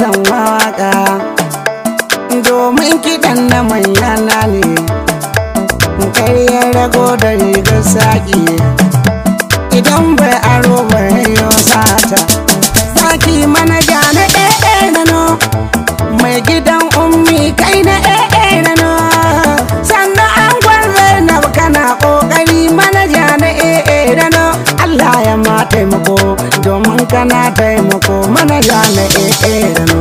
zan mawaka domin kiɗan na manyana ne karyar rago da rigar saƙi idan bai aro bai yau sata zaki mana gane ɗaya na no mai gidan ummi kai na ɗaya na no sannan an gwarzar na kana ƙoƙari mana gane ɗaya na no Allah ya ma taimako don idan kana taimako manaja na erano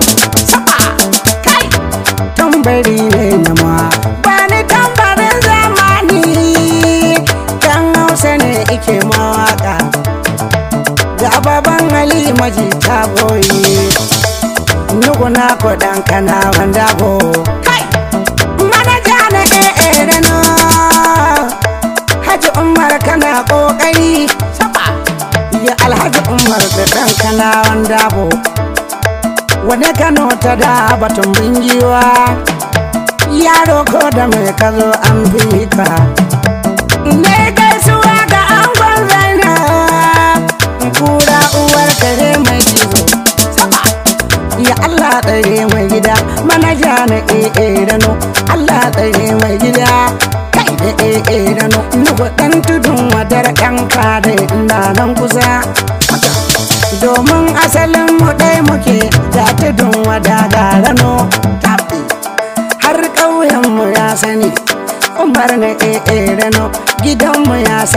tambari ne na ma bani tambarin zamani dan hausa ne ike mawaƙa. ga baban ali maji ta boye nuguna ko dan kana wanda ko manaja na erano haji umar kana kokari ya alhaji lawan dabo wane kano ta da batun bingiwa yaro ko da mai kazo an fi ka gaisuwa ga angon zaina kura uwar kare mai jiwo ya allah tsare mai gida manaja na ee rano allah tsare mai gida kai da ee rano nuhu dan tudun wadar yan kada ina nan kusa domin asalin mu ɗai muke ta tudun wada garano har ƙauyen mu ya sani umar na ƙeƙe rano gidan mu ya